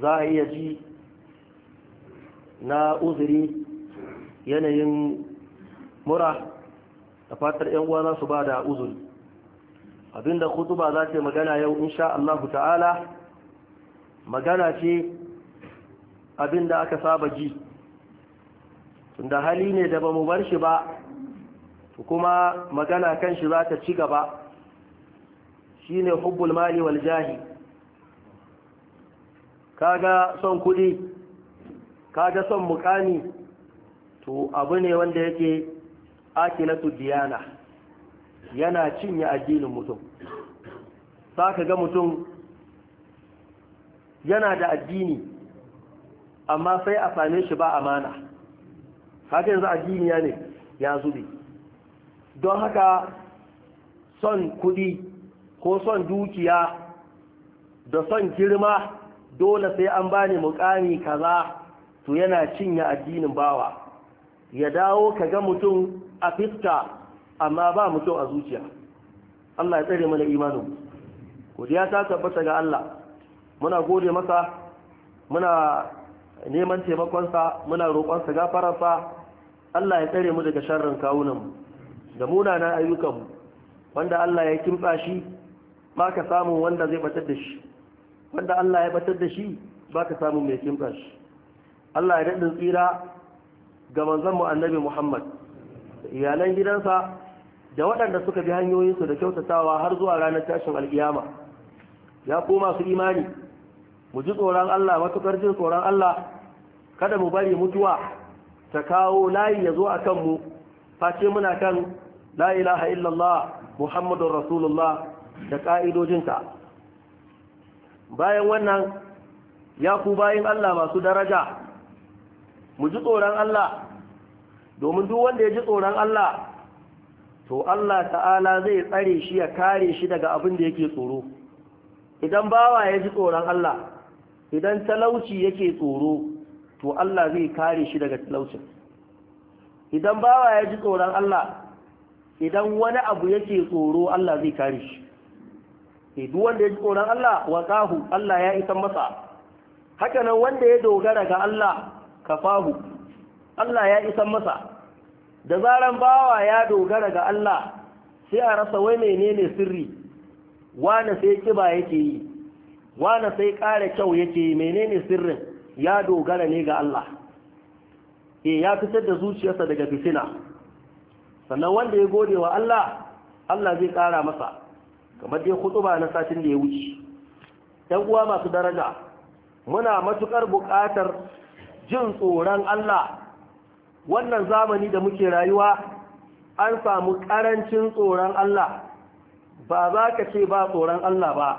za a iya ji na uzuri yanayin mura da fatar yan uwa za su ba da uzuri abinda kutuba za ta magana yau insha Allah ta'ala magana ce abinda aka saba ji tunda hali ne da ba mu bar shi ba kuma magana kan shi za ta ci gaba Shi ne hubbul mali wal jahi kaga son kudi kaga son mukami to abu ne wanda yake akilatu diyana yana cinye addinin mutum saka ga mutum yana da addini amma sai a same shi ba amana haka yanzu addini ya ne ya zube don haka son kudi ko son dukiya da son girma dole sai an bani mukami kaza to yana cinye addinin bawa ya dawo ka ga mutum a fiska amma ba mutum a zuciya Allah ya tsare mana imanin godiya ta tabbata ga Allah muna gode masa muna neman taimakonsa muna roƙonsa gafararsa Allah ya tsare mu daga sharrin kawunan da munanan ayyukanmu wanda Allah ya kimtsa shi ma ka samu wanda zai batar da shi wanda Allah ya batar da shi ba ka samu mai kimta shi Allah ya daɗin tsira ga manzanmu annabi Muhammad iyalan gidansa da waɗanda suka bi hanyoyinsu da kyautatawa har zuwa ranar tashin alƙiyama ya koma su imani mu ji tsoron Allah matuƙar jin tsoron Allah kada mu bari mutuwa ta kawo layi ya zo a kanmu face muna kan la ilaha illallah muhammadun rasulullah da ƙa'idojinta bayan wannan ya ku bayan Allah masu daraja mu ji tsoron Allah domin duk wanda ya ji tsoron Allah to Allah ta'ala zai tsare shi ya kare shi daga abin da yake tsoro idan bawa ya ji tsoron Allah idan talauci yake tsoro to Allah zai kare shi daga talaucin idan bawa ya ji tsoron Allah idan wani abu yake tsoro Allah zai kare shi Eh, duk wanda ya ji tsoron Allah waqahu Allah ya isan masa haka nan wanda ya dogara ga Allah kafahu Allah ya isan masa da zaran bawa ya dogara ga Allah sai a rasa wai menene sirri wane sai kiba yake yi wane sai ƙara kyau yake yi menene sirrin ya dogara ne ga Allah e ya fitar da zuciyarsa daga fitina sannan wanda ya gode wa Allah Allah zai ƙara masa kamar dai hutuba na satin da ya wuce ɗan uwa masu daraja muna matukar buƙatar jin tsoron Allah wannan zamani da muke rayuwa an samu ƙarancin tsoron Allah ba za ka ce ba tsoron Allah ba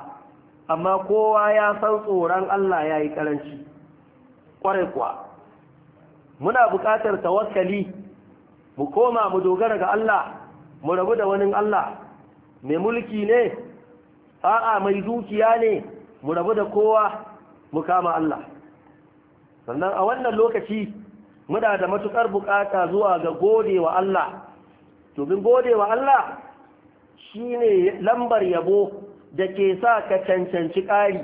amma kowa ya san tsoron Allah ya yi ƙaranci ƙwarai kuwa muna buƙatar tawakkali mu koma mu dogara ga Allah mu rabu da wani Allah mai mulki ne a'a mai dukiya ne mu rabu da kowa mu kama Allah sannan a wannan lokaci muna da matukar bukata zuwa ga godewa Allah domin godewa Allah shi ne lambar yabo da ke sa ka cancanci ƙari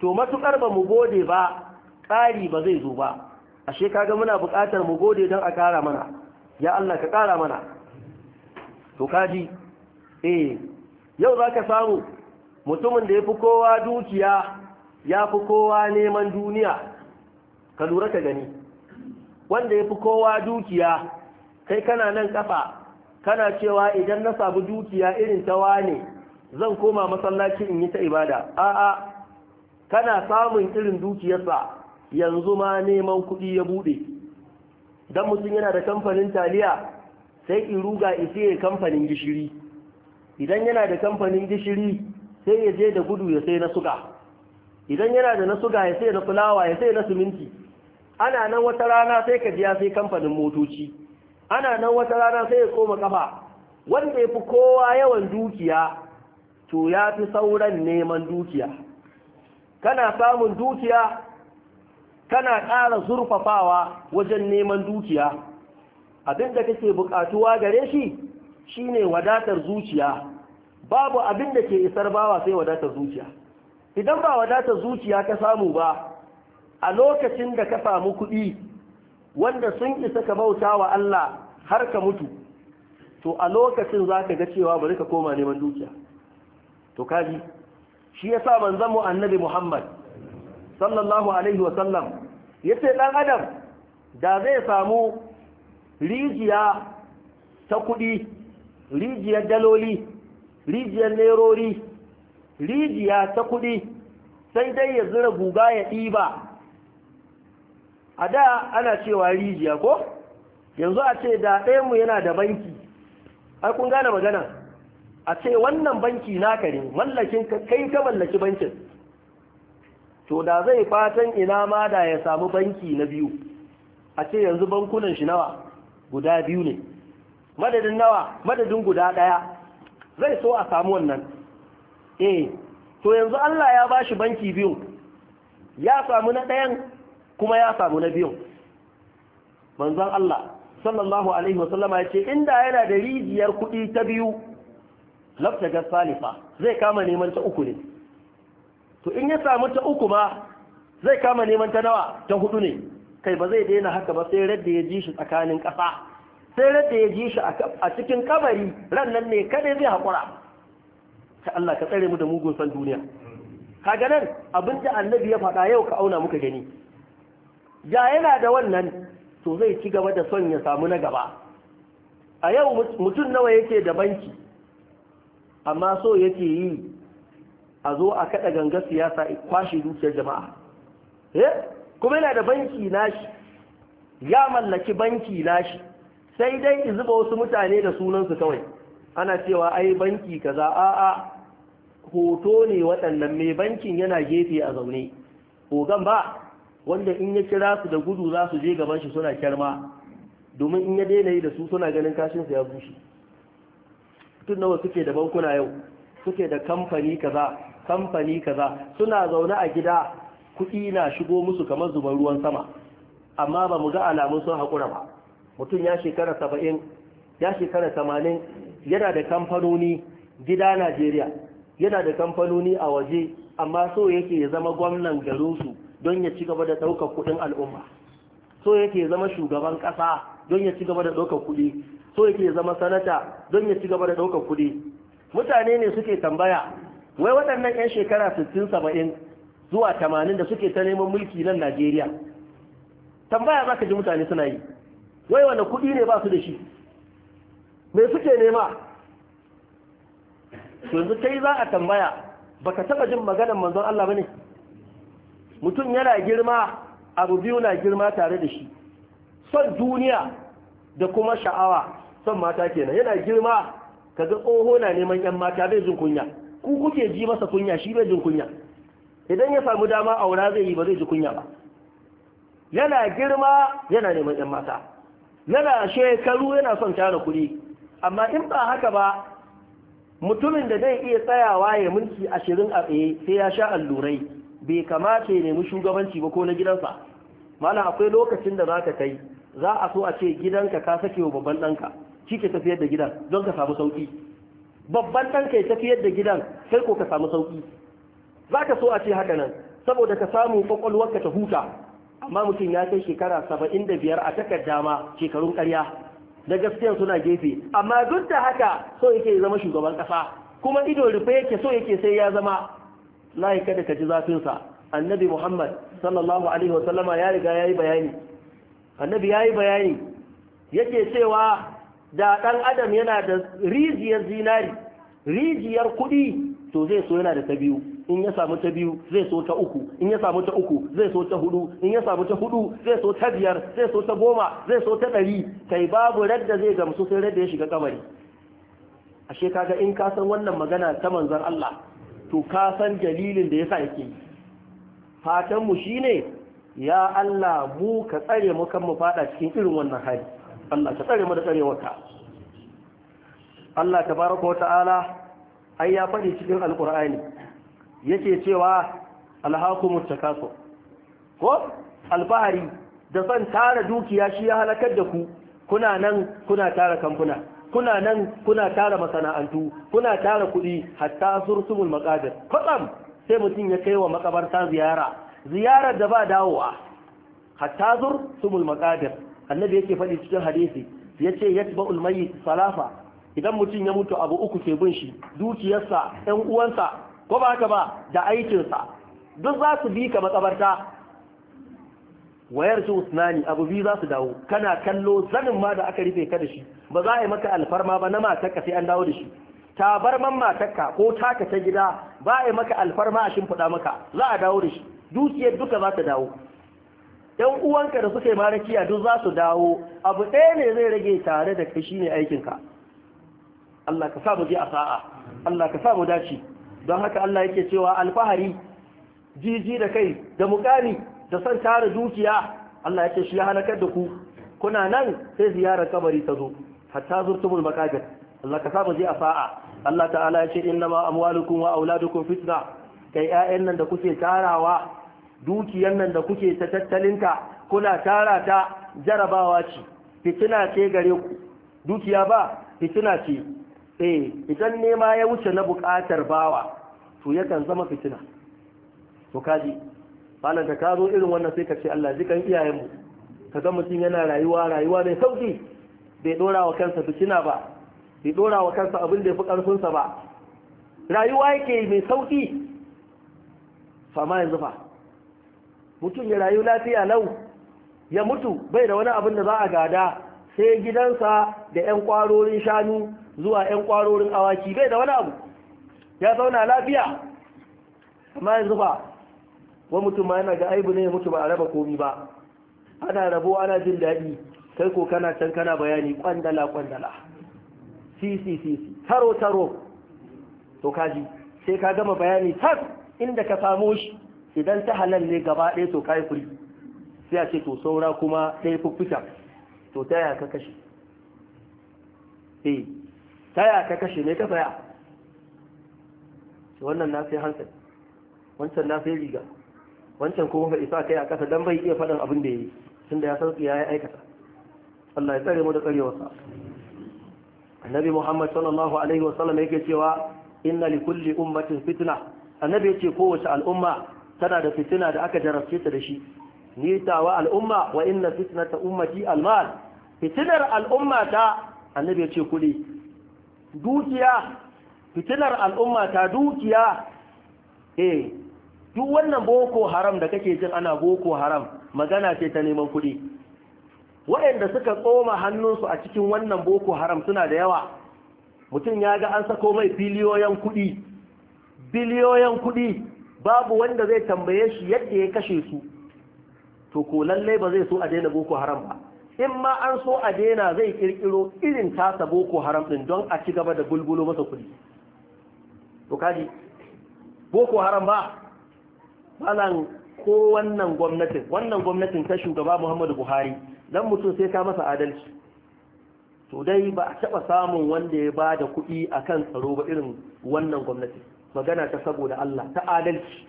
to matukar ba mu gode ba ƙari ba zai zo ba ashe kaga muna bukatar mu gode don a ƙara mana ya Allah ka ƙara mana to kaji eh yau za ka samu mutumin da ya fi kowa dukiya ya fi kowa neman duniya ka lura ka gani wanda ya fi kowa dukiya kai kana nan kafa kana cewa idan na sabu dukiya irin ta wane zan koma masallaci in yi ta ibada a'a kana samun irin dukiyarsa yanzu ma neman kuɗi ya buɗe don mutum yana da kamfanin taliya sai in ruga isiye kamfanin gishiri idan yana da kamfanin gishiri sai ya je da gudu ya sai na suga idan yana da na suga ya sai na fulawa ya sai na siminti ana nan wata rana sai ka biya sai kamfanin motoci ana nan wata rana sai ya koma kafa wanda ya fi kowa yawan dukiya to ya fi sauran neman dukiya kana samun dukiya kana ƙara zurfafawa wajen neman dukiya abinda kake bukatuwa gare shi shine wadatar zuciya babu abin da ke isar bawa sai wadatar zuciya idan ba wadatar zuciya ka samu ba a lokacin da ka samu kuɗi wanda sun isa ka bauta wa Allah har ka mutu to a lokacin za ka ga cewa bari ka koma neman zuciya, to kaji shi ya sa manzan mu annabi Muhammad sallallahu Alaihi wasallam ya ce ɗan adam da zai samu rijiya ta kuɗi rijiyar daloli rijiyar nerori rijiya ta kuɗi sai dai ya zura guga ya ɗiba a da ana cewa rijiya ko yanzu a ce da ɗayanmu yana da banki a kun gane magana a ce wannan banki naka ne mallakin kai ka mallaki bankin to da zai fatan ina ma da ya samu banki na biyu a ce yanzu bankunan shi nawa guda biyu ne madadin nawa madadin guda ɗaya zai so a samu wannan eh to yanzu Allah ya ba shi banki biyu ya samu na ɗayan kuma ya samu na biyun manzon Allah sallallahu alaihi wasallama ya ce inda yana da rijiyar kuɗi ta biyu lafta ga salifa zai kama neman ta uku ne to in ya samu ta uku ma zai kama neman ta nawa ta hudu ne kai ba zai daina haka ba sai radda ya ji shi tsakanin ƙasa sai rada ya ji shi a cikin kabari ran nan ne kada zai haƙura ta Allah ka tsare mu da mugun san duniya kaga nan abin da annabi ya faɗa yau ka auna muka gani ya yana da wannan to zai ci gaba da son ya samu na gaba a yau mutum nawa yake da banki amma so yake yi a zo a kaɗa ganga siyasa kwashe dukiyar jama'a eh kuma yana da banki nashi ya mallaki banki nashi sai dai ki zuba wasu mutane da sunansu kawai ana cewa ai banki kaza a'a hoto ne waɗannan mai bankin yana gefe a zaune kogan ba wanda in ya kira su da gudu za su je gaban shi suna kyarma domin in ya daina yi da su suna ganin kashinsa ya bushe tun nawa suke da bankuna yau suke da kamfani kaza kamfani kaza suna zaune a gida kuɗi na shigo musu kamar zuban ruwan sama amma ba mu ga alamun sun haƙura ba mutum ya shekara saba'in ya shekara tamanin yana da kamfanoni gida najeriya yana da kamfanoni a waje amma so yake ya zama gwamnan garinsu don ya ci gaba da ɗaukar kuɗin al'umma so yake ya zama shugaban ƙasa don ya ci gaba da ɗaukar kuɗi so yake ya zama sanata don ya ci gaba da ɗaukar kuɗi mutane ne suke tambaya wai waɗannan 'yan shekara sittin saba'in zuwa tamanin da suke ta neman mulki nan najeriya tambaya za ka ji mutane suna yi wai wanda kuɗi ne ba su da shi mai suke nema yanzu kai za a tambaya baka taba jin maganar manzon Allah ne? mutum yana girma abu biyu na girma tare da shi son duniya da kuma sha'awa son mata kenan yana girma kaga oho na neman yan mata bai jin kunya ku kuke ji masa kunya shi bai jin kunya idan ya samu dama aura zai yi ba zai ji kunya ba yana girma yana neman yan mata yana shekaru yana son tara kuɗi amma in ba haka ba mutumin da zai iya tsayawa ya minti ashirin a tsaye sai ya sha allurai bai kamata ya nemi shugabanci ba ko na gidansa mana akwai lokacin da za ka kai za a so a ce gidanka ka sake wa babban ɗanka shi ke tafiyar da gidan don ka samu sauƙi babban ɗanka ya tafiyar da gidan sai ko ka samu sauƙi za ka so a ce haka nan saboda ka samu ƙwaƙwalwarka ta huta amma mutum ya kai shekara saba'in da biyar a takarda ma shekarun karya da gaskiya suna gefe amma duk da haka so yake zama shugaban ƙasa kuma ido rufe yake so yake sai ya zama layi kada ka ji zafinsa annabi muhammad sallallahu alaihi wasallama ya riga ya yi bayani annabi ya yi bayani yake cewa da ɗan adam yana da rijiyar zinari rijiyar kuɗi to zai so yana da ta biyu in ya samu ta biyu zai so ta uku in ya samu ta uku zai so ta hudu in ya samu ta hudu zai so ta biyar zai so ta goma zai so ta ɗari kai babu radda zai gamsu sai radda ya shiga kamari ashe kaga in ka san wannan magana ta manzon Allah to ka san dalilin da yasa yake fatan mu shine ya Allah mu ka tsare mu kan mu fada cikin irin wannan hali Allah ka tsare mu da tsarewarka Allah tabaraka wa ta'ala ai ya faɗi cikin alqur'ani yake cewa alhakumu takaso ko alfahari da san tara dukiya shi ya halakar da ku kuna nan kuna tara kamfuna kuna nan kuna tara masana'antu kuna tara kudi hatta sursumul maqadir kwatsam sai mutum ya kai wa makabarta ziyara ziyarar da ba dawowa hatta sursumul maqadir annabi yake faɗi cikin hadisi yace yatba'ul mayyit salafa idan mutum ya mutu abu uku ke bin shi dukiyarsa ɗan uwansa ko ba haka ba da aikinsa duk za su bi ka matsabarta wayar ci usmani abu biyu za su dawo kana kallo zanin ma da aka rufe ka da shi ba za a yi maka alfarma ba na matakka sai an dawo da shi Ta bar man matarka ko taka ta gida ba a yi maka alfarma a shimfiɗa maka za a dawo da shi dukiyar duka za ta dawo ‘yan uwanka da suka yi marakiya duk za su dawo abu ɗaya ne zai rage tare da kai shine aikinka Allah ka sa mu je a sa'a Allah ka sa mu dace don haka Allah yake cewa alfahari jiji da kai da mukami da son tara dukiya Allah yake shi ya halakar da ku kuna nan sai ziyarar kabari ta zo hatta zurtumul makabir Allah ka saba je a fa'a Allah ta'ala ya ce innama amwalukum wa auladukum fitna kai ƴaƴan nan da kuke tarawa dukiyan nan da kuke ta tattalinta kuna tara ta jarabawa ce fitina ce gare ku dukiya ba fitina ce eh idan nema ya wuce na buƙatar bawa to yakan zama fitina to kaji malam ka kazo irin wannan sai ka ce Allah jikan iyayenmu ka ga mutum yana rayuwa rayuwa mai sauki bai dora wa kansa fitina ba bai dora wa kansa abin da ya fi ƙarfinsa ba rayuwa yake mai sauki fama yanzu fa mutum ya rayu lafiya lau ya mutu bai da wani abin da za a gada sai gidansa da 'yan kwarorin shanu zuwa 'yan kwarorin awaki bai da wani abu ya zauna lafiya amma yanzu ba wa mutum ma yana ga aibu ne mutu ba a raba komi ba ana rabo ana jin daɗi kai ko kana can kana bayani kwandala kwandala sisi taro taro to kaji sai ka gama bayani tas inda ka samu shi idan ta halal ne gaba ɗaya to kai kuri sai a ce to saura kuma ɗaya fuffuka to ta yaya ka kashe eh taya ka kashe me ka saya wannan na sai hansar wancan na sai riga wancan kuma ga isa kai a ƙasa don bai iya faɗin abin da ya yi tun da ya san ya yi aikata Allah ya tsare mu da tsarewarsa annabi Muhammad sallallahu alaihi wasallam yake cewa inna li kulli ummatin fitna annabi yace kowace al'umma tana da fitina da aka jarabce ta da shi ni tawa al'umma wa inna fitnata ummati almal fitinar al'umma ta annabi yace kudi dukiya fitilar al'umma ta dukiya eh duk wannan boko haram da kake jin ana boko haram magana ce ta neman kuɗi waɗanda suka tsoma hannunsu a cikin wannan boko haram suna da yawa mutum ya ga an sako mai biliyoyin kuɗi biliyoyin kuɗi babu wanda zai tambaye shi yadda ya kashe su to ko lallai ba zai so a daina boko haram ba in ma an so a daina zai kirkiro irin tasa boko haram din don a ci gaba da bulbulo masa kudi to kaji boko haram ba malan ko wannan gwamnatin wannan gwamnatin ta shugaba Muhammadu Buhari dan mutum sai ka masa adalci to dai ba a taɓa samun wanda ya ba da kuɗi akan tsaro ba irin wannan gwamnati magana ta saboda Allah ta adalci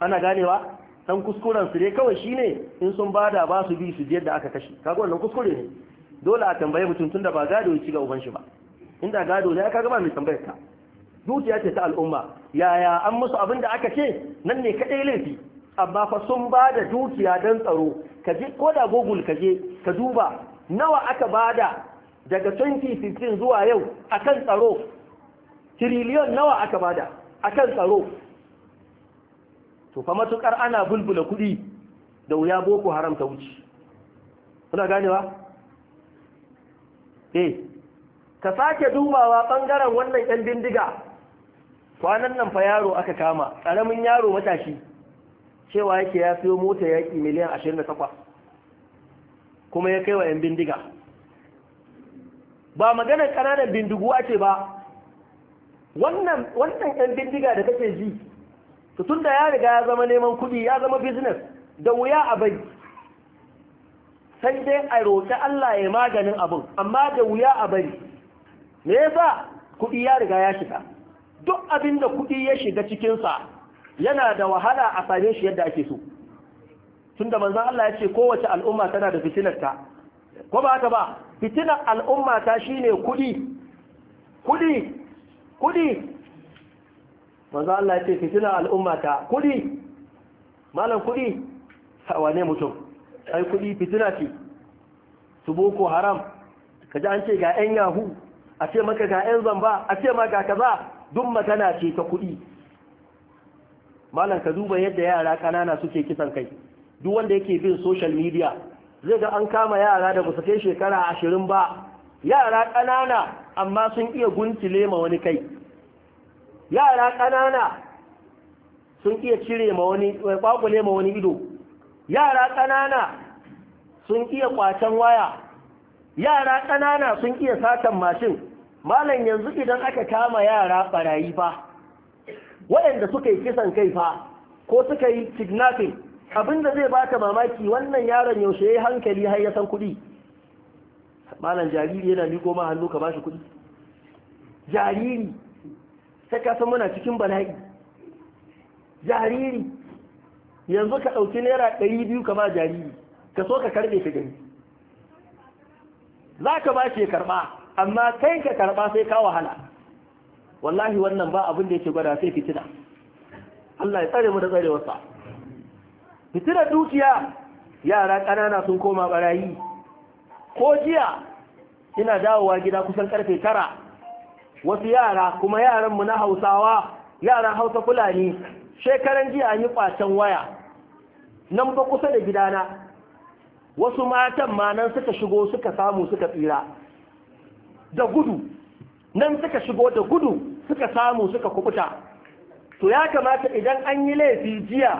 ana ganewa dan kuskuren su ne kawai shine in sun bada ba su bi su je da aka kashe kaga wannan kuskure ne dole a tambaye mutum tunda ba gado ya ci ga uban shi ba inda gado ne kaga ba mai tambayar ka dukiya ce ta al'umma yaya an musu abin da aka ce nan ne kadai laifi amma fa sun bada dukiya dan tsaro ka je ko da google ka je ka duba nawa aka bada daga 2015 zuwa yau akan tsaro triliyon nawa aka bada akan tsaro to fa matukar ana bulbula kuɗi da wuya boko haram ta wuce kuna ganewa eh ka sake dubawa bangaren wannan yan bindiga kwanan nan fa yaro aka kama karamin yaro matashi cewa yake ya siyo mota yaki miliyan 28 kuma ya kai wa yan bindiga ba maganar kananan bindigu ce ba wannan wannan yan bindiga da kake ji to tunda ya riga ya zama neman kuɗi ya zama business da wuya a bai sai dai a roƙi Allah ya maganin abin amma da wuya a bari me yasa kuɗi ya riga ya shiga duk abin da kuɗi ya shiga cikinsa yana da wahala a same shi yadda ake so Tunda manzon manzan Allah ya ce kowace al'umma tana da ta, ko ba haka ba fitinar al'umma ta shine kuɗi kuɗi kuɗi manzo Allah ya ce fitina al'ummata kudi malam kudi wane mutum ai kudi fitina ce su boko haram kaji an ce ga yan yahu a ce maka ga yan zamba a ce ga kaza duk magana ce ta kudi malam ka duba yadda yara kanana suke kisan kai duk wanda yake bin social media zai ga an kama yara da kusa kai shekara ashirin ba yara kanana amma sun iya guntule ma wani kai yara ƙanana sun iya cire ma wani ma wani ido yara ƙanana sun iya kwacen waya yara ƙanana sun iya satan mashin malam yanzu idan aka kama yara barayi fa waɗanda suka yi kisan kai fa ko suka yi kidnapping abinda zai baka mamaki wannan yaron yaushe ya yi hankali har ya san kuɗi malam jariri yana miko ma hannu ka bashi kuɗi jariri sai ka san muna cikin bala'i jariri yanzu ka ɗauki naira ɗari biyu ka ba jariri ka so ka karɓe ka gani za ka ba ce karɓa amma kai ka karɓa sai ka wahala wallahi wannan ba abin da yake gwada sai fitina Allah ya tsare mu da tsarewarsa. wasa dukiya yara ƙanana sun koma barayi ko jiya ina dawowa gida kusan karfe tara wasu yara kuma yaranmu na hausawa yaran hausa fulani shekaran jiya an yi kwacen waya nan ba kusa da gidana wasu matan ma nan suka shigo suka samu suka tsira da gudu nan suka shigo da gudu suka samu suka kubuta to ya kamata idan an yi laifi jiya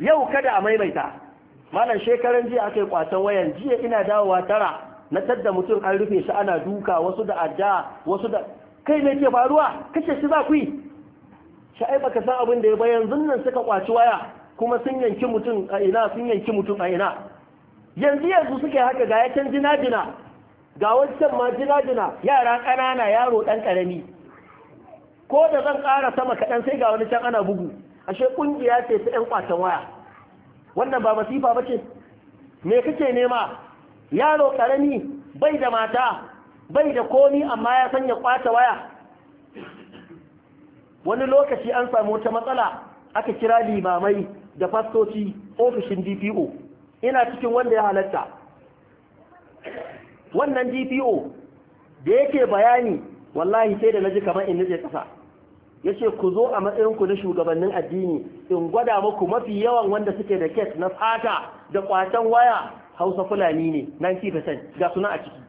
yau kada a maimaita malam shekaran jiya aka yi kwacen wayan jiya ina dawowa tara na tadda mutum an rufe shi ana duka wasu da adda wasu da kai ne ke faruwa kashe shi za ku yi ai baka san abin da ya bayan zunnan suka kwaci waya kuma sun yanki mutum a ina sun yanki mutum a ina yanzu yanzu suke haka ga yakan jina ga wancan ma jina yara ƙanana yaro ɗan ƙarami ko da zan ƙara sama kaɗan sai ga wani can ana bugu ashe ƙungiya ce ta 'yan kwatan waya wannan ba masifa ba ce me kake nema yaro ƙarami bai da mata bai da komi amma ya sanya kwata waya wani lokaci an samu wata matsala aka kira limamai da fastoci ofishin dpo ina cikin wanda ya halatta wannan dpo da yake bayani wallahi sai da naji kamar in nije kasa ya ce ku zo a matsayinku na shugabannin addini in gwada muku mafi yawan wanda suke da kes na fata da kwatan waya hausa fulani ne 90% ga suna a ciki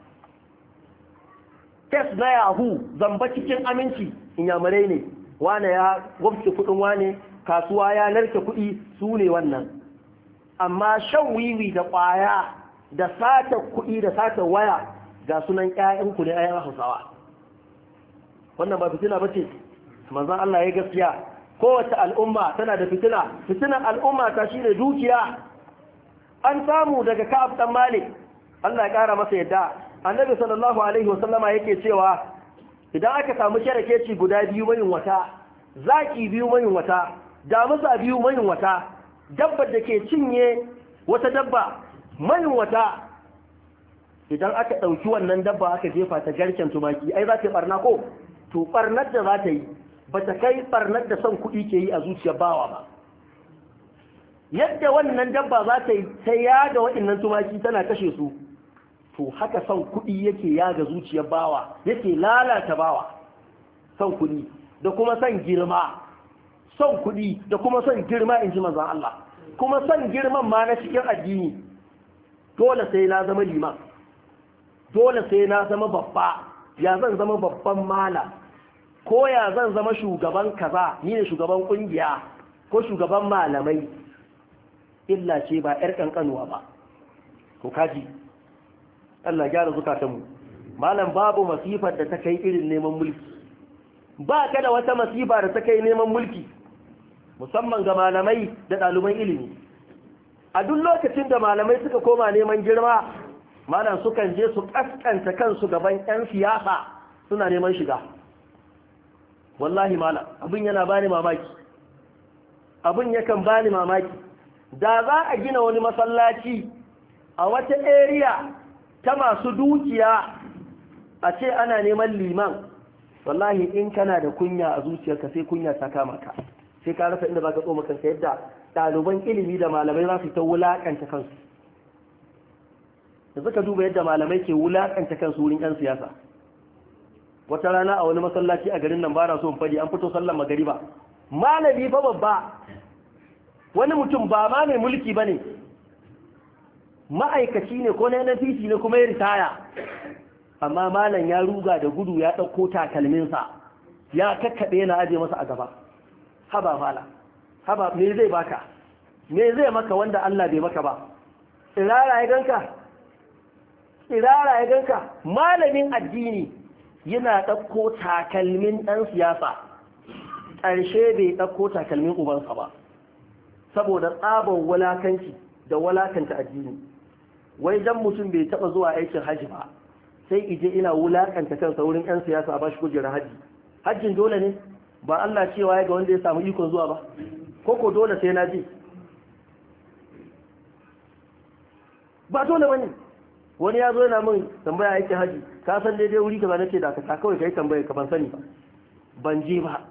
test na yahu zamba cikin aminci inyamurai ne wane ya gwamce kudin wane kasuwa ya narke kudi su ne wannan amma shan wiwi da kwaya da sata kudi da sata waya ga sunan ƴaƴanku ne ayyana hausawa wannan ba fitina ba ce manzan Allah ya gaskiya kowace al'umma tana da fitina fitinan al'umma ta shi ne dukiya an samu daga ka'ab dan malik Allah ya ƙara masa yadda annabi sallallahu alaihi wasallama yake cewa idan aka samu sharakeci guda biyu mayin wata zaki biyu mayin wata damusa biyu mayin wata dabbar da ke cinye wata dabba mayin wata idan aka ɗauki wannan dabba aka jefa ta garken tumaki ai za ta yi barna ko to barnar da za ta yi ba ta kai barnar da son kuɗi ke yi a zuciyar bawa ba yadda wannan dabba za ta yi ta yada waɗannan tumaki tana kashe su to haka son kuɗi yake yaga zuciyar bawa yake lalata bawa son kuɗi da kuma son girma son kuɗi da kuma son girma in ji manzan Allah kuma son girman ma na cikin addini dole sai na zama liman dole sai na zama babba ya zan zama babban mala ko ya zan zama shugaban kaza ni ne shugaban kungiya ko shugaban malamai illa ce ba 'yar ƙanƙanuwa ba ko kaji Allah gyara zukatanmu malam babu masifar da ta kai irin neman mulki ba ka da wata masifa da ta kai neman mulki musamman ga malamai da ɗaliban ilimi a duk lokacin da malamai suka koma neman girma malam sukan je su ƙasƙanta kansu gaban 'yan siyasa suna neman shiga wallahi malam abin yana bani mamaki abin yakan bani mamaki da za a gina wani masallaci a wata area ta masu dukiya a ce ana neman liman wallahi in kana da kunya a zuciyarka sai kunya ta kama ka sai ka rasa inda ka tsoma kanka yadda ɗaliban ilimi da malamai za su ta wulaƙanta kansu da suka duba yadda malamai ke wulakanta kansu wurin yan siyasa wata rana a wani masallaci a garin nan bara so fadi an fito sallar magariba malami fa babba wani mutum ba ma mai mulki bane ma'aikaci ne ko na NPC ne kuma ya ritaya amma malam ya ruga da gudu ya ɗauko takalminsa ya kakkaɓe na aje masa a gaba haba mala haba me zai baka me zai maka wanda Allah bai maka ba tsirara ya ganka tsirara ya ganka malamin addini yana ɗauko takalmin ɗan siyasa ƙarshe bai ɗauko takalmin ubansa ba saboda tsabon wulakanci da wulakanta addini wai dan mutum bai taba zuwa aikin haji ba sai ije ina wulakanta kansa wurin yan siyasa ba shi kujera haji hajjin dole ne ba Allah cewa ya ga wanda ya samu ikon zuwa ba koko dole sai na je ba dole bane wani ya zo yana min tambaya aikin haji ka san daidai wuri kaza nake da ka kawai kai tambaya ka ban sani ba ban je ba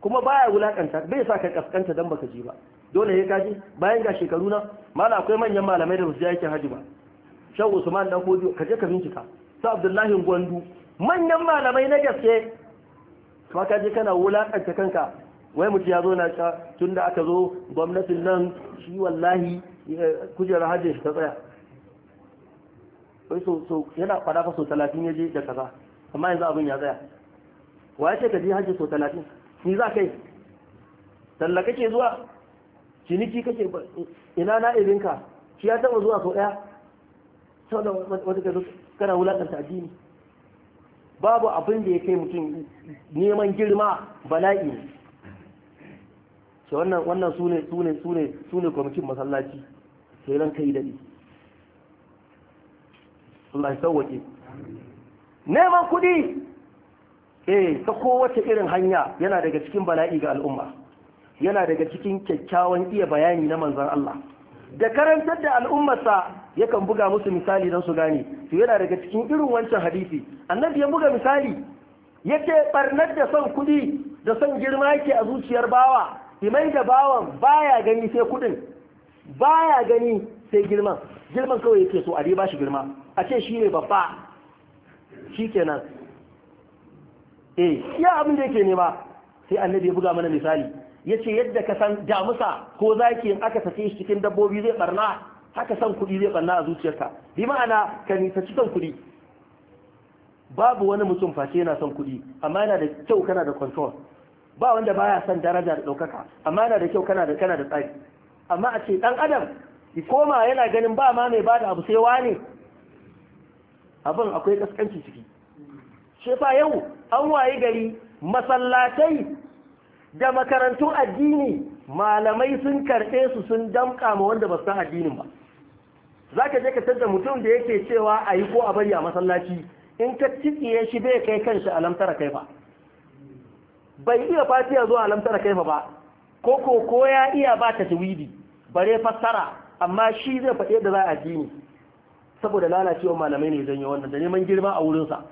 kuma baya wulakanta bai sa ka kaskanta dan baka je ba dole ya kaji bayan ga shekaru na mala akwai manyan malamai da musu yake haji ba shan usman dan kodi ka je ka bincika sa abdullahi gwandu manyan malamai na gaske kuma ka je kana wulakanta kanka wai mutu ya zo na ta tun da aka zo gwamnatin nan shi wallahi eh, kujerar hajjin ta tsaya wai so so yana fada fa so talatin ya je da kaza amma yanzu abin ya tsaya wa ya ce ka je hajji so talatin ni za kai tallaka ke zuwa ciniki kake ina na irinka shi ya taba zuwa sau daya sau da wata kai kana wulakanta addini babu abin da ya kai mutum neman girma bala'i ne shi wannan wannan sune sune sune kwamitin masallaci sai ran kai daɗi. Allah ya sauwaƙe neman kuɗi eh ta kowace irin hanya yana daga cikin bala'i ga al'umma yana daga cikin kyakkyawan iya bayani na manzan Allah da karantar da al'ummarsa yakan buga musu misali don su gane to yana daga cikin irin wancan hadisi annabi ya buga misali yace barnar da son kuɗi da son girma yake a zuciyar bawa imai da bawan baya gani sai kuɗin baya gani sai girman girman kawai yake so a dai ba shi girma a ce shi ne babba shi kenan eh iya abin da yake nema sai annabi ya buga mana misali ya ce yadda ka san damusa ko zaki in aka tafi shi cikin dabbobi zai barna haka san kuɗi zai barna a zuciyarka bi ma'ana ka nisa cikin kuɗi babu wani mutum face yana son kuɗi amma yana da kyau kana da control ba wanda baya son daraja da ɗaukaka amma yana da kyau kana da kana da tsari amma a ce ɗan adam ki koma yana ganin ba ma mai bada abu sai wani abin akwai kaskanci ciki shi fa yau an wayi gari masallatai da makarantun addini malamai sun karɓe su sun damƙa ma wanda ba san addinin ba za ka je ka tattar mutum da yake cewa a yi ko a bari a masallaci in ka cikiye shi bai kai kanshi a lamtara kaifa bai iya fati fatiya zuwa lamtara kaifa ba ko ko ko ya iya ba ta tawidi bare fassara amma shi zai faɗi da za a addini saboda lalacewa malamai ne zan yi wannan da neman girma a wurinsa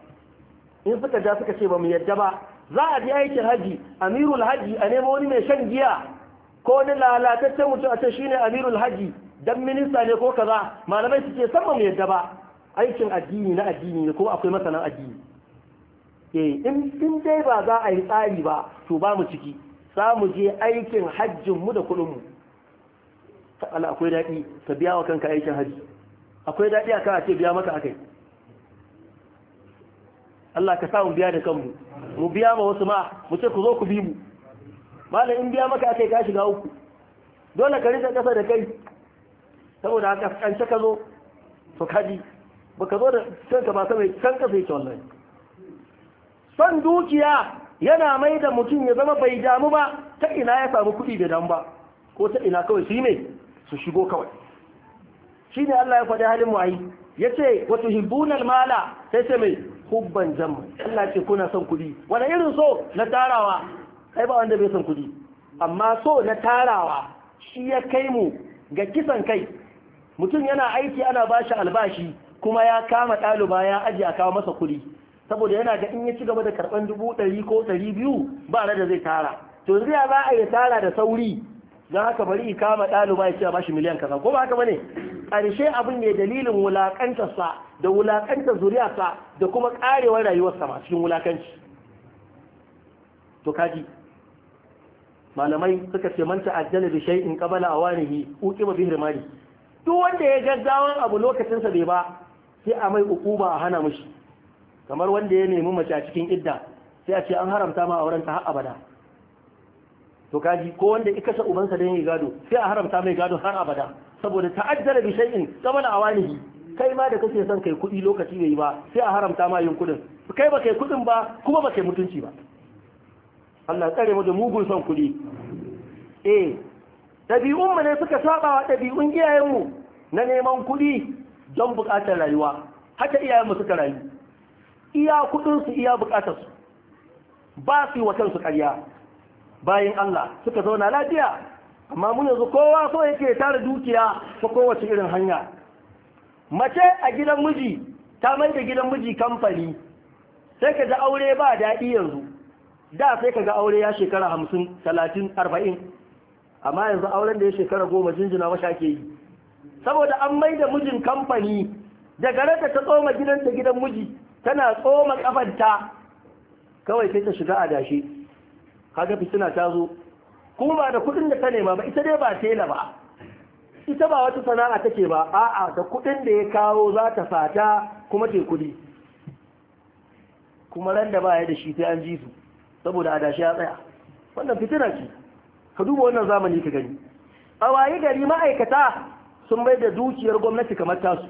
in suka ja suka ce ba mu yadda ba za a ji aikin haji amirul haji a nemo wani mai shan giya ko wani lalataccen mutum a ce shine amirul haji dan minista ne ko kaza malamai suke san mu yadda ba aikin addini na addini ne kuma akwai masanan addini eh, in dai ba za a yi tsari ba to ba mu ciki za mu je aikin hajjinmu da kuɗinmu. Ta ala akwai daɗi ka biya wa kanka aikin haji akwai daɗi akan a ce biya maka akai Allah ka sa mu biya da kanmu mu biya ma wasu ma mu ce ku zo ku bi mu malam in biya maka akai ka shiga uku dole ka rika kasa da kai saboda haka kance ka zo to kaji baka zo da kanka ba sai kan kasa ta wallahi san dukiya yana mai da mutum ya zama bai damu ba ta ina ya samu kuɗi da damu ba ko ta ina kawai shi ne su shigo kawai shi ne Allah ya faɗi halin mu ya ce wato hibbunan mala sai sai mai hubban jamma Allah ce kuna son kudi wani irin so na tarawa kai ba wanda bai son kudi amma so na tarawa shi ya kai mu ga kisan kai mutum yana aiki ana bashi albashi kuma ya kama ɗaluba ya aji a kawo masa kudi saboda yana ga in ya ci gaba da karɓan dubu ɗari ko ɗari biyu ba da zai tara to za a yi tara da sauri don haka bari ikama ɗaliba ya ce a bashi miliyan kaza ko ba haka bane ƙarshe abin ne dalilin wulaƙantarsa da wulaƙantar zuriyarsa da kuma ƙarewar rayuwarsa ma cikin wulaƙanci to kaji malamai suka ce man ta'ajjala in shay'in a awanihi ba bihi mari duk wanda ya gaggawan abu lokacinsa bai ba sai a mai ukuba a hana mushi kamar wanda ya nemi mace a cikin idda sai a ce an haramta ma auren ta har abada to kaji ko wanda ya kashe ubansa don ya gado sai a haramta mai gado har abada saboda ta'ajjala bi shay'in qabla awanihi kai ma da kace son kai kuɗi lokaci bai ba sai a haramta ma yin kudin kai ba kai kuɗin ba kuma ba kai mutunci ba Allah tsare mu da mugun son kuɗi eh Dabi'unmu mu ne suka saba wa ɗabi'un mu na neman kuɗi don buƙatar rayuwa haka iyayen mu suka rayu iya su iya su ba su yi wa kansu ƙarya bayan Allah suka zauna lafiya amma mun yanzu kowa so yake tara dukiya ko kowace irin hanya mace a gidan miji ta mai da gidan miji kamfani sai ka ga aure ba daɗi yanzu da sai ka ga aure ya shekara hamsin talatin arba'in amma yanzu auren da ya shekara goma jinjina washa ake yi saboda an mai da mijin kamfani daga rata ta tsoma gidanta gidan miji tana tsoma kafanta kawai sai ta shiga dashe kaga fitina ta zo kuma ba da kudin da ta nema ba ita dai ba tela ba ita ba wata sana'a take ba a'a da kudin da ya kawo za ta fata kuma ke kudi kuma ran da ba ya da shi sai an ji su saboda adashi ya tsaya wannan fitina ce ka duba wannan zamani ka gani a waye gari ma'aikata sun bai da dukiyar gwamnati kamar tasu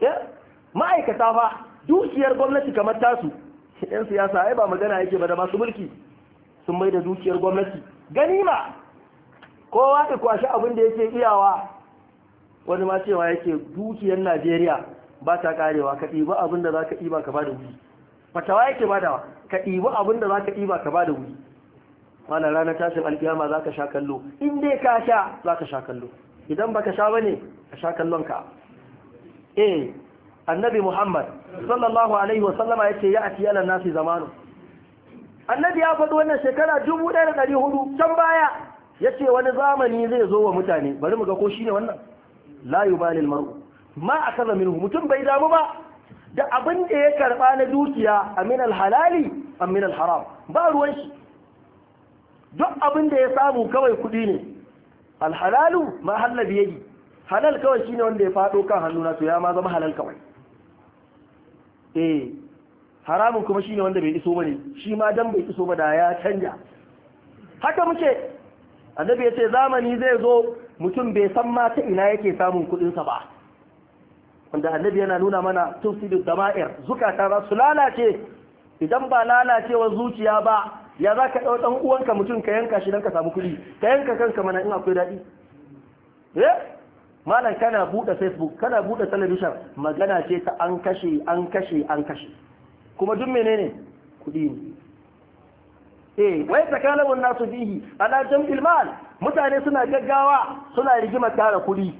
eh, ma'aikata fa dukiyar gwamnati kamar tasu yan siyasa ai ba magana yake ba da masu mulki sun mai da dukiyar gwamnati ganima kowa da kwashi abin da yake iyawa wani ma cewa yake dukiyar najeriya ba ta karewa ka ɗiba abin da za ka ɗiba ka ba da wuri fatawa yake ba da ka ɗiba abin da za ka ɗiba ka ba da wuri mana ranar tashin alkiyama za ka sha kallo in dai ka sha za ka sha kallo idan ba ka sha ba ne ka sha kallon ka eh annabi Muhammad sallallahu alaihi wasallama yace ya ati ala nasi zamanu annabi ya faɗi wannan shekara 1400 can baya Ya ce wani zamani zai zo wa mutane bari mu ga ko ne wannan la yubali almar'u ma minhu mutum bai damu ba da abin da ya karɓa na dukiya amin alhalali amin haram. ba ruwan shi duk abin da ya samu kawai kuɗi ne alhalalu ma halabi yayi halal kawai ne wanda ya faɗo kan hannu na to ya ma zama halal kawai eh haramun kuma shine wanda bai iso bane shi ma dan bai iso ba da ya canja haka muke annabi ya ce zamani zai zo mutum bai san ma ta ina yake samun kuɗinsa sa ba wanda annabi yana nuna mana tufsidu dama'ir zukata za su lalace idan ba lalacewar zuciya ba ya za ka ɗau ɗan uwanka mutum ka yanka shi don ka samu kuɗi ka yanka kanka mana in akwai daɗi eh malam kana bude facebook kana bude television magana ce ta an kashe an kashe an kashe kuma duk menene kuɗi ne eh wai takalabun nasu bihi ala jam'il mal mutane suna gaggawa suna rigimar tara kuɗi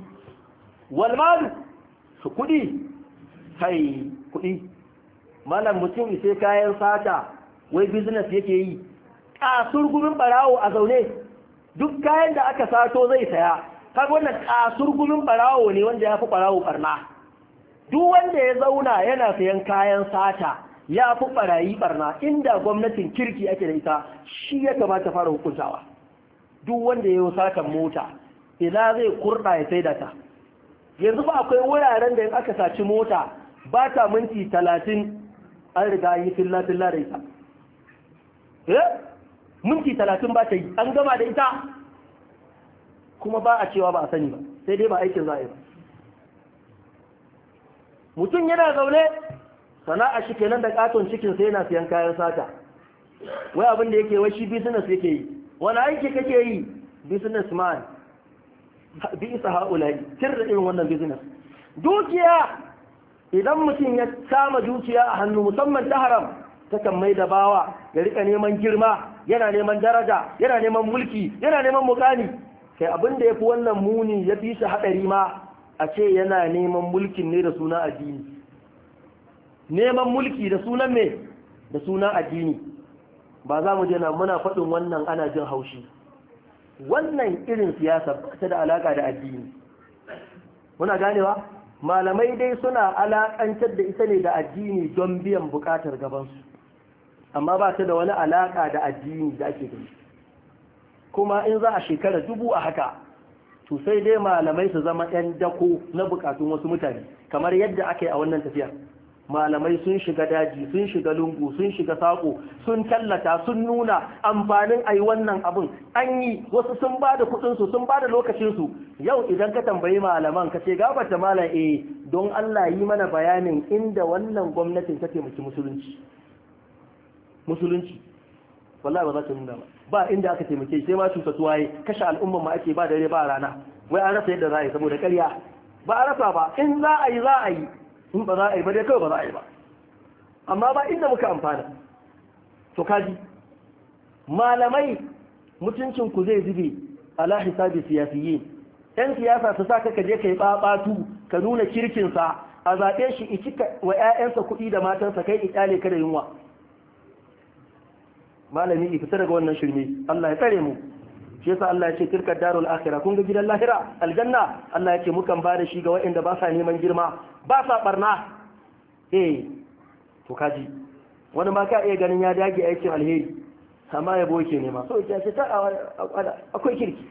wal mal su kuɗi Hai, kuɗi malam mutum sai kayan sata wai business yake yi kasur gurin barawo a zaune duk kayan da aka sato zai saya kar wannan gumin barawo ne wanda ya fi barawo barna duk wanda ya zauna yana sayan kayan sata ya fi barayi barna inda gwamnatin kirki ake da ita shi ya kamata fara hukuntawa duk wanda ya yi satan mota ina zai kurɗa ya sai ta yanzu ba akwai wuraren da aka saci mota ba ta minti talatin an riga yi filla filla da ita eh minti talatin ba ta yi an gama da ita kuma ba a cewa ba a sani ba sai dai ba aikin za ba mutum yana zaune sana'a shi kenan da katon cikin sai yana siyan kayan sata wai abin da yake wai shi business yake yi wani aiki kake yi business man bi isa haulai irin wannan business dukiya idan mutum ya kama dukiya a hannu musamman ta haram ta kan mai da bawa ya rika neman girma yana neman daraja yana neman mulki yana neman mukani kai abin da ya fi wannan muni ya fi shi haɗari ma a ce yana neman mulkin ne da suna addini neman mulki da sunan me da sunan addini ba za mu je na muna faɗin wannan ana jin haushi wannan irin siyasa ba ta da alaƙa da addini muna ganewa malamai dai suna alaƙantar da ita ne da addini don biyan buƙatar gabansu amma ba ta da wani alaƙa da addini da ake gani kuma in za a shekara dubu a haka to sai dai malamai su zama 'yan dako na bukatun wasu mutane kamar yadda aka a wannan tafiya malamai sun shiga daji sun shiga lungu sun shiga saƙo sun tallata sun nuna amfanin a yi wannan abun. an yi wasu sun ba da su sun ba da lokacinsu yau idan ka tambayi malaman ka ce gabata malam e, don allah yi mana bayanin inda wannan gwamnatin ta taimaki musulunci musulunci wallahi ba za ta nuna ba ba inda aka taimake sai ma cuta tuwaye kashe al'umman ma ake ba dare ba rana wai an rasa yadda za a yi saboda ƙarya ba a rasa ba in za a yi za a yi in ba za a yi ba dai kawai ba za a yi ba amma ba inda muka amfana to kaji malamai mutuncin ku zai zube a ala hisabi siyasiyyi yan siyasa su sa kaka je kai babatu ka nuna kirkin sa a zaɓe shi i wa 'ya'yansa kuɗi da matansa kai i kyale ka da yunwa malami ki fita daga wannan shirme Allah ya tsare mu shi yasa Allah ya ce tilka darul akhirah kun ga gidan lahira aljanna Allah ya ce mukan ba da shi ga waɗanda ba sa neman girma ba sa barna eh to kaji wani ma ka iya ganin ya dage aikin alheri amma ya boke nema. ma so ya ce ta akwai kirki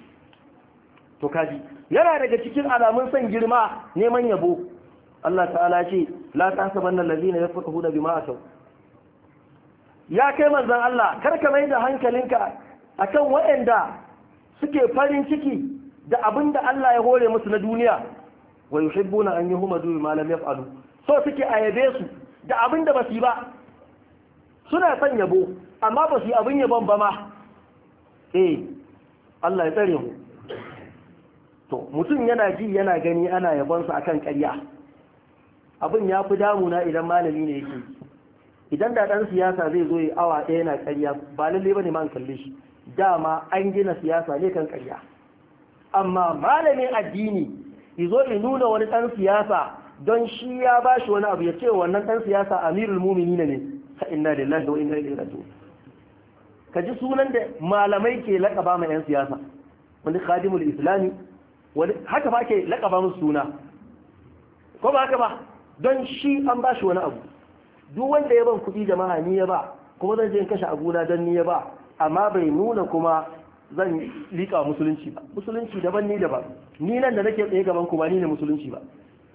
to kaji yana daga cikin alamun san girma neman yabo Allah ta'ala ce la tahsabanna allazina yafrahuna bima asaw ya kai manzan Allah karka mai da hankalinka akan waɗanda suke farin ciki da abin da Allah ya hore musu na duniya wa na an yi yuhmadu malam ya yaf'alu so suke yabe su da abin da su yi ba suna son yabo amma su yi abin yabon ba ma eh Allah ya tsare mu to mutum yana ji yana gani ana yabon sa akan karya. abin ya fi damuna idan malami ne yake idan da ɗan siyasa zai zo yi awa ɗaya na ƙarya ba lalle ba ne man kalli shi dama an gina siyasa ne kan ƙarya amma malamin addini izo ya nuna wani ɗan siyasa don shi ya ba shi wani abu ya ce wannan ɗan siyasa amirul mumini ne ne. ka inna lillahi wa inna ilaihi raji'un ka ji sunan da malamai ke laƙaba ma 'yan siyasa wani khadimul islami wani haka ba ke laƙaba musu suna ko ba haka ba don shi an ba shi wani abu duk wanda ya ban kuɗi jama'a ni ya ba kuma zan je in kashe aguna don ni ya ba amma bai nuna kuma zan liƙa musulunci ba musulunci daban ni daban ni nan da nake tsaye gaban ku ba ni ne musulunci ba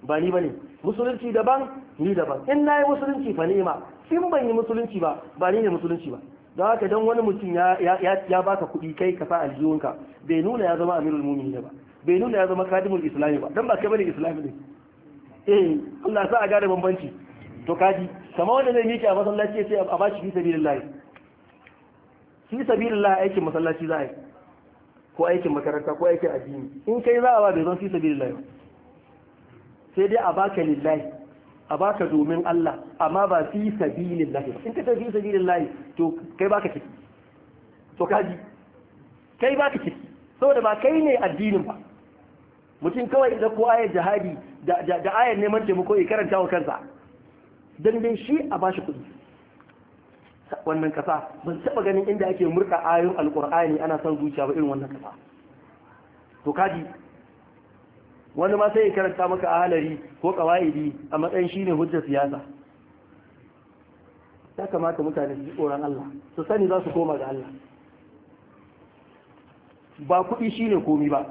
ba ni bane musulunci daban ni daban in na yi musulunci fa ma in ban yi musulunci ba ba ni ne musulunci ba don haka don wani mutum ya baka kuɗi kai ka fa aljihunka bai nuna ya zama amirul mu'minin ba bai nuna ya zama kadimul islami ba don ba kai bane islami ne eh Allah sa a gane bambanci to kadi kamar wanda zai miƙe a masallaci ya ce a ba shi fi sabilillahi fi sabilillahi aikin masallaci za a yi ko aikin makaranta ko aikin addini in kai za a ba bai zan fi sabilillahi sai dai a baka lillahi a baka domin Allah amma ba fi sabilillahi in ka ta fi sabilillahi to kai baka ciki to kaji kai baka ciki saboda ba kai ne addinin ba mutum kawai idan ko ayar jihadi da ayar neman taimako ya karanta wa kansa don dai shi a bashi kudi wannan kasa ban taba ganin inda ake murka ayoyin Alkur'ani ana son zuciya ba irin wannan kasa to kaji wani ma sai ya karanta maka a halari ko kawaidi a matsayin shi ne hujjar siyasa ya kamata mutane su ji tsoron Allah su sani za su koma ga Allah ba kuɗi shine komi ba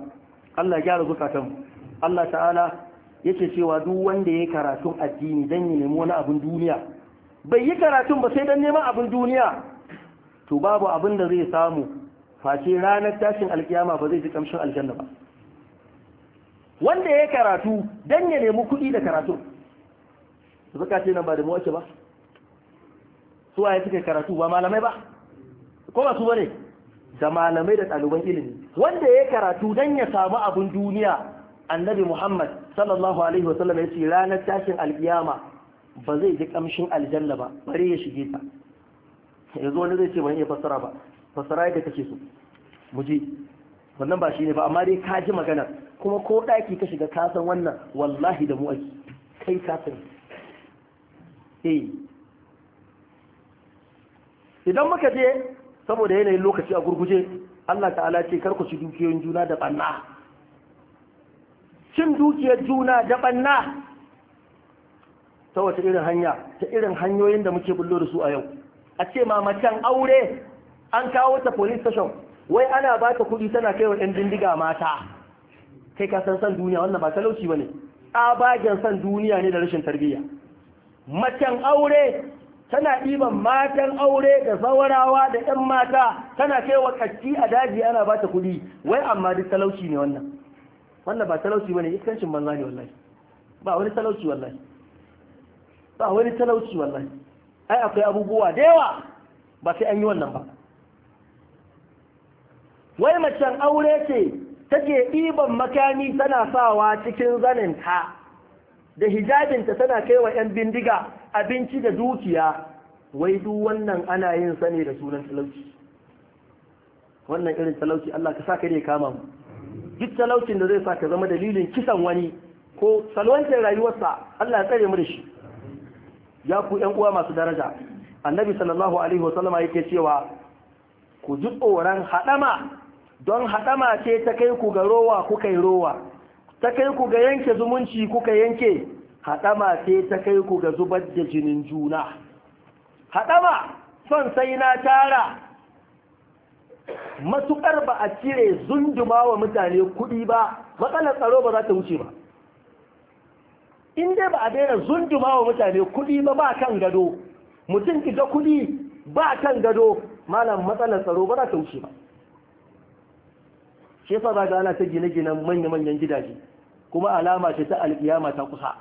Allah gyara zukatan Allah ta'ala yake cewa duk wanda ya karatun addini dan ya nemi wani abin duniya bai yi karatun ba sai dan neman abin duniya to babu abin da zai samu face ranar tashin alkiyama ba zai ji kamshin aljanna ba wanda ya karatu dan ya nemi kuɗi da karatun zaka ce nan ba da mu ake ba su waye suka karatu ba malamai ba ko ba su bane da malamai da ɗaliban ilimi wanda ya karatu dan ya samu abin duniya annabi muhammad sallallahu alaihi wasallam ya ce ranar tashin alkiyama ba zai ji kamshin aljanna ba bari ya shige ta yanzu wani zai ce ban iya fassara ba fassara yadda kake so mu ji wannan ba shi ne ba amma dai ka ji magana kuma ko ɗaki ka shiga ka san wannan wallahi da mu ake kai ka san eh idan muka je saboda yanayin lokaci a gurguje Allah ta'ala ce kar ku ci dukiyoyin juna da banna cin dukiyar juna da banna ta wata irin hanya ta irin hanyoyin da muke bullo da su a yau a ce ma macen aure an kawo ta police station wai ana ba ta kuɗi tana kaiwa yan bindiga mata kai ka san san duniya wannan ba talauci ba ne tsabagen san duniya ne da rashin tarbiyya macen aure tana ɗiban matan aure da zawarawa da 'yan mata tana kaiwa katti a daji ana ba ta kuɗi wai amma duk talauci ne wannan wannan ba talauci bane iskancin banza ne wallahi ba wani talauci wallahi ba wani talauci wallahi ai akwai abubuwa da yawa ba sai an yi wannan ba wai macen aure ce take ɗiban makami tana sawa cikin zaninta da hijabinta tana kai wa 'yan bindiga abinci da dukiya wai duk wannan ana yin sane da sunan talauci wannan irin talauci Allah ka sa ka ne kama mu duk talaucin da zai sa ka zama dalilin kisan wani ko salwantar rayuwarsa Allah ya tsare mu da shi ya ku ƴan uwa masu daraja annabi sallallahu alaihi wasallama yake cewa ku ji tsoron haɗama don haɗama ce ta kai ku ga rowa ku kai rowa ta kai ku ga yanke zumunci kuka yanke haɗama ce ta kai ku ga zubar da jinin juna haɗama son sai na tara matukar ba a cire zunduma wa mutane kuɗi ba matsalar tsaro ba za ta wuce ba in dai ba a daina zunduma wa mutane kuɗi ba ba kan gado mutum ki ga kuɗi ba kan gado malam matsalar tsaro ba za ta wuce ba shi yasa za ga ana ta gine-ginen manya-manyan gidaje kuma alama ce ta alƙiyama ta kusa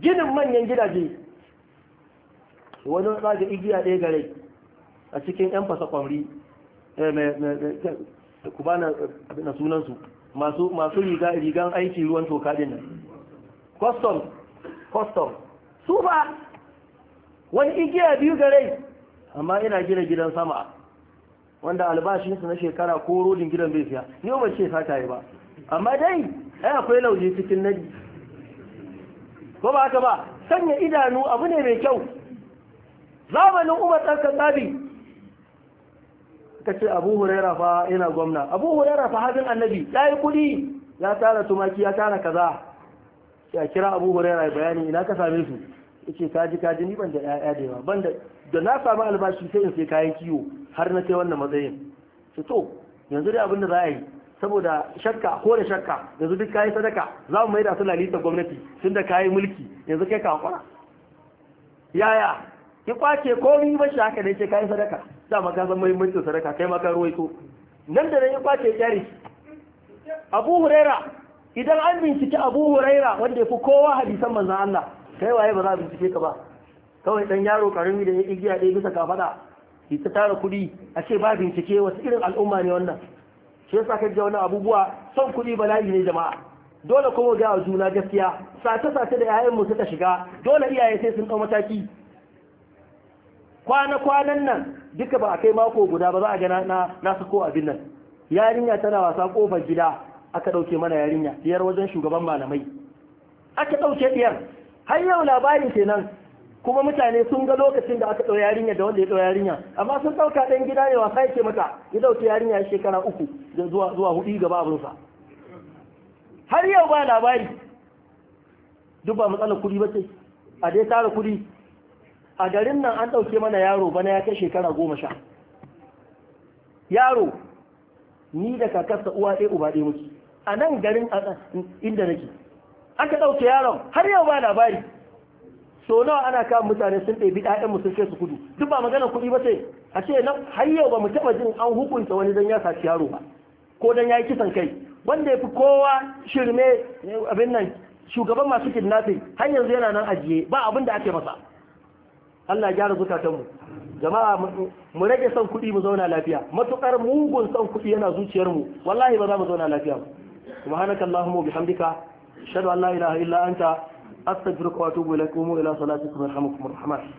ginin manyan gidaje wani za ga igiya ɗaya gare a cikin 'yan fasa kwamri Eh, ku ba na sunansu masu rigan aiki ruwan toka din nan custom custom su ba wani igiya biyu gare amma ina gina gidan sama wanda albashinsu na shekara ko rodin gidan bai siya ni ba ce sata yi ba amma dai ai akwai lauje cikin nadi ko ba haka ba sanya idanu abu ne mai kyau zamanin umar ɗan tsabi ka ce abu huraira fa ina gwamna abu huraira fa hajjin annabi ya yi kudi ya tara tumaki ya tara kaza ya kira abu huraira ya bayani ina ka same su yace kaji kaji ni ban da ƴaƴa da yawa ban da da na samu albashi sai in sai kayan kiwo har na kai wannan matsayin su to yanzu dai abin da za a yi saboda shakka ko da shakka yanzu duk kayi sadaka za mu maida su lalita gwamnati tun da kayi mulki yanzu kai ka hakura yaya ki kwace komi ba shi haka da yake kayi sadaka dama ka san muhimmancin sadaka kai ma ka ruwaito nan da nan ya kwace kyari Abu Huraira idan an bincike Abu Huraira wanda ya fi kowa hadisan manzon Allah kai waye ba za a bincike ka ba kawai dan yaro karami da ya igiya ɗaya bisa kafada ki ta tara kuɗi a ce ba bincike wasu irin al'umma ne wannan shi yasa ga wani abubuwa son kuɗi bala'i ne jama'a dole kuma ga juna gaskiya sace sace da 'ya'yan mu suka shiga dole iyaye sai sun ɗau mataki kwana-kwanan nan duka ba a kai mako guda ba za a ga na sako abin nan yarinya tana wasa kofar gida aka ɗauke mana yarinya diyar wajen shugaban malamai aka ɗauke diyar har yau labarin kenan kuma mutane sun ga lokacin da aka ɗau yarinya da wanda ya ɗau yarinya amma sun ɗauka ɗan gida ne wasa yake mata ya dauke yarinya shekara uku zuwa zuwa hudu gaba sa har yau ba labari duk ba matsalar kudi ba ce a dai tara kudi. a garin nan an ɗauke mana yaro bana ya kai shekara goma sha yaro ni da kakarsa uwa ɗaya uba ɗaya muke a nan garin inda nake aka ɗauke yaron har yau ba labari so nawa ana kama mutane sun ɗebi ɗayan sun kai su kudu duk ba maganar kuɗi ba sai, a ce nan har yau ba mu taɓa jin an hukunta wani don ya saci yaro ba ko don ya yi kisan kai wanda ya fi kowa shirme eh, abin nan shugaban masu kidnapping har yanzu yana nan ajiye ba abin da ake masa Allah ya gyara zukatanmu jama'a mu rage son kuɗi mu zauna lafiya matukar mugun son kuɗi yana zuciyarmu wallahi ba za mu zauna lafiya ba subhanaka allahumma wa bihamdika ashhadu an la ilaha illa anta astaghfiruka wa atubu ilaik wa ila salatikum arhamukumur rahman